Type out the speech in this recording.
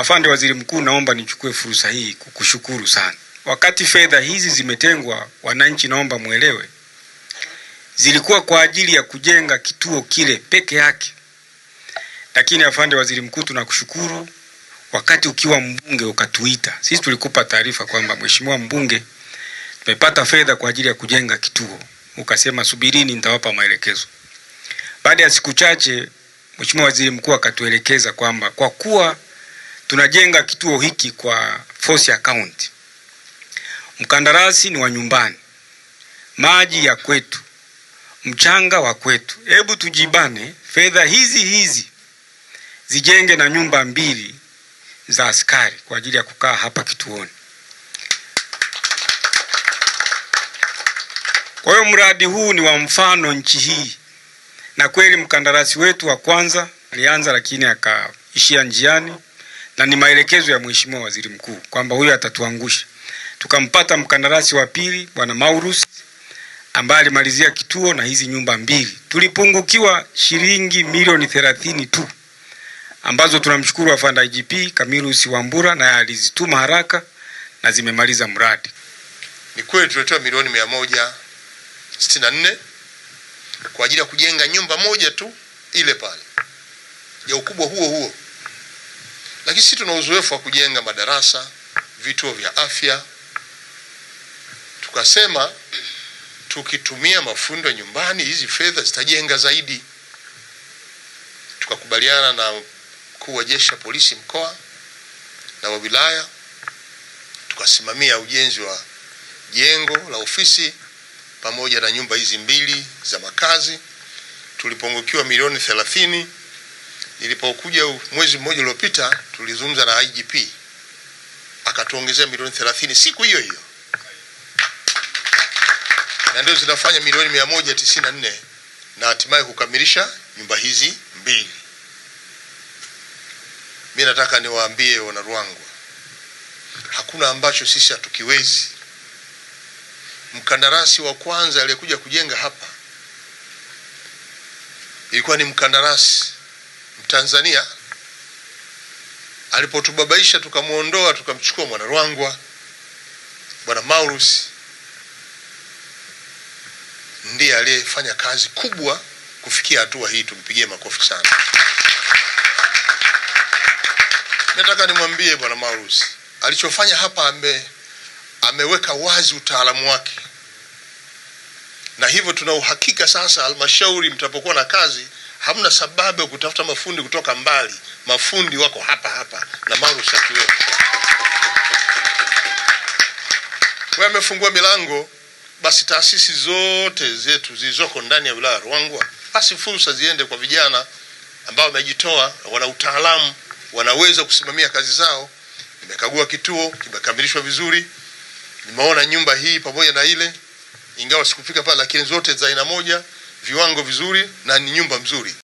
Afande Waziri Mkuu, naomba nichukue fursa hii kukushukuru sana. Wakati fedha hizi zimetengwa, wananchi, naomba mwelewe, zilikuwa kwa ajili ya kujenga kituo kile peke yake, lakini afande Waziri Mkuu, tunakushukuru. Wakati ukiwa mbunge ukatuita sisi, tulikupa taarifa kwamba mheshimiwa mbunge, tumepata fedha kwa ajili ya kujenga kituo, ukasema subirini, nitawapa maelekezo. Baada ya siku chache, mheshimiwa Waziri Mkuu akatuelekeza kwamba kwa kuwa tunajenga kituo hiki kwa force account. Mkandarasi ni wa nyumbani, maji ya kwetu, mchanga wa kwetu. Hebu tujibane, fedha hizi hizi zijenge na nyumba mbili za askari kwa ajili ya kukaa hapa kituoni. Kwa hiyo mradi huu ni wa mfano nchi hii, na kweli mkandarasi wetu wa kwanza alianza, lakini akaishia njiani na ni maelekezo ya Mheshimiwa Waziri Mkuu kwamba huyo atatuangusha. Tukampata mkandarasi wa pili Bwana Maurus ambaye alimalizia kituo na hizi nyumba mbili. Tulipungukiwa shilingi milioni thelathini tu ambazo tunamshukuru afanda IGP Kamilus Wambura na alizituma haraka na zimemaliza mradi. Ni kweli tulitoa milioni mia moja sitini na nne kwa ajili ya kujenga nyumba moja tu ile pale ya ukubwa huo huo. Lakini sisi tuna uzoefu wa kujenga madarasa, vituo vya afya. Tukasema tukitumia mafundo nyumbani, hizi fedha zitajenga zaidi. Tukakubaliana na mkuu wa jeshi la polisi mkoa na wa wilaya, tukasimamia ujenzi wa jengo la ofisi pamoja na nyumba hizi mbili za makazi, tulipungukiwa milioni thelathini. Nilipokuja mwezi mmoja uliopita, tulizungumza na IGP akatuongezea milioni 30 siku hiyo hiyo, na ndio zinafanya milioni 194 na hatimaye kukamilisha nyumba hizi mbili. Mi nataka niwaambie wana Ruangwa, hakuna ambacho sisi hatukiwezi. Mkandarasi wa kwanza aliyekuja kujenga hapa ilikuwa ni mkandarasi Mtanzania alipotubabaisha tukamwondoa tukamchukua mwana Rwangwa, Bwana Maurus ndiye aliyefanya kazi kubwa kufikia hatua hii, tumpigie makofi sana. Nataka nimwambie Bwana Maurus alichofanya hapa, ame ameweka wazi utaalamu wake, na hivyo tuna uhakika sasa halmashauri mtapokuwa na kazi Hamna sababu ya kutafuta mafundi kutoka mbali, mafundi wako hapa hapa na marusaki wetu. Wewe amefungua milango, basi taasisi zote zetu zilizoko ndani ya wilaya ya Ruangwa, basi fursa ziende kwa vijana ambao wamejitoa, wana utaalamu, wanaweza kusimamia kazi zao. Nimekagua kituo, kimekamilishwa vizuri. Nimeona nyumba hii pamoja na ile, ingawa sikufika pale, lakini zote za aina moja viwango vizuri na ni nyumba mzuri.